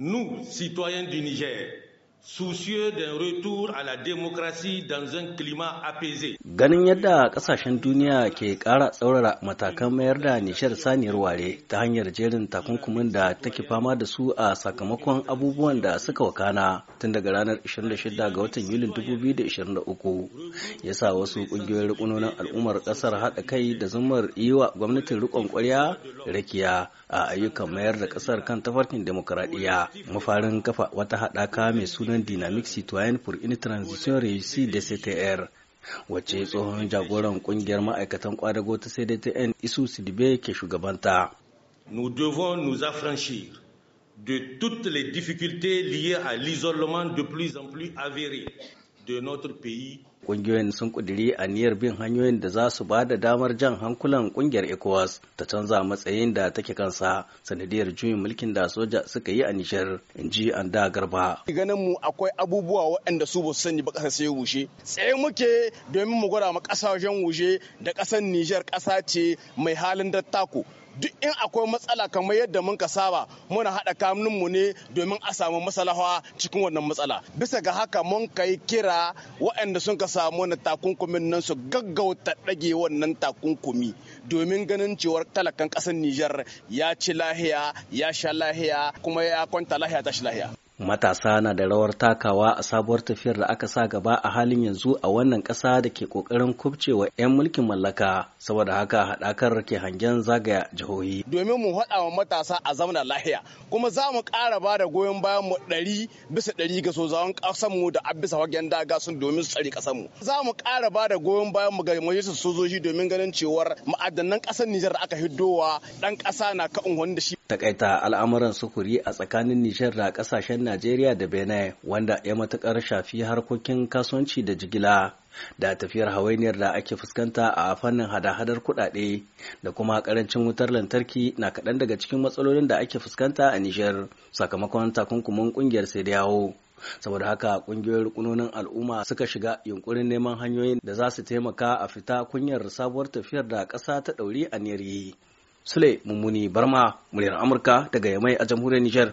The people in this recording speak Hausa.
Nous, citoyens du Niger, soucieux d'un retour à la démocratie dans un climat apaisé. Ganin yadda kasashen duniya ke ƙara tsaurara matakan mayar da nishar saniyar ware ta hanyar jerin takunkumin da take fama da su a sakamakon abubuwan da suka wakana tun daga ranar 26 ga watan Yulin 2023 yasa wasu ƙungiyoyin rukunonin al'ummar ƙasar haɗa kai da zumar yiwa gwamnatin rikon ƙwarya rakiya a ayyukan mayar da ƙasar kan tafarkin demokradiya mafarin kafa wata haɗaka mai suna dynamique citoyenne pour une transition réussie des CTR. Nous devons nous affranchir de toutes les difficultés liées à l'isolement de plus en plus avéré de notre pays kungiyoyin sun ƙudiri aniyar bin hanyoyin da za su ba da damar jan hankulan ƙungiyar ECOWAS ta canza matsayin da take kansa sanadiyar juyin mulkin da soja suka yi a Nijar, in ji an da garba. Ganin mu akwai abubuwa waɗanda su basu su sani ba ƙasa sai wushe. Tsaye muke domin mu gwada ma ƙasashen wushe da ƙasar Nijar ƙasa ce mai halin dattako. duk in akwai matsala kamar yadda mun ka saba muna haɗa mu ne domin a samu masalawa cikin wannan matsala bisa ga haka mun kai kira waɗanda sun ka samu na takunkumin nan su gaggauta ɗage wannan takunkumi domin ganin cewar talakan ƙasar Nijar ya ci lahiya ya sha lahiya kuma ya kwanta lahiya ta shi lahiya. Matasa na da rawar takawa a sabuwar tafiyar da aka sa gaba a halin yanzu a wannan ƙasa da ke ƙoƙarin kubcewa 'yan mulkin mallaka saboda haka haɗakar ke hangen zagaya jihohi. Domin mu haɗa wa matasa a zamana lahiya kuma za mu ƙara ba da goyon bayan mu ɗari bisa ɗari ga sozawan ƙasanmu da abisa wajen daga sun domin su tsare ƙasanmu. Za mu ƙara ba da goyon bayan mu ga majalisar sojoji domin ganin cewar ma'adanan ƙasar Nijar da aka hiddowa ɗan ƙasa na ka'un da shi. Takaita al'amuran sukuri a tsakanin Nijar da ƙasashen Najeriya da Benin wanda ya matukar shafi harkokin kasuwanci da jigila da tafiyar hawainiyar da ake fuskanta a fannin hada-hadar kuɗaɗe da kuma karancin wutar lantarki na kaɗan daga cikin matsalolin da ake fuskanta a Nijar sakamakon takunkumin ƙungiyar sai yawo. saboda haka kungiyoyin rukunonin al'umma suka shiga yunkurin neman hanyoyin da za su taimaka a fita kunyar sabuwar tafiyar da ƙasa ta ɗauri a niyar yi. Sule Mummuni Barma, muryar Amurka daga Yamai a jamhuriyar Nijar.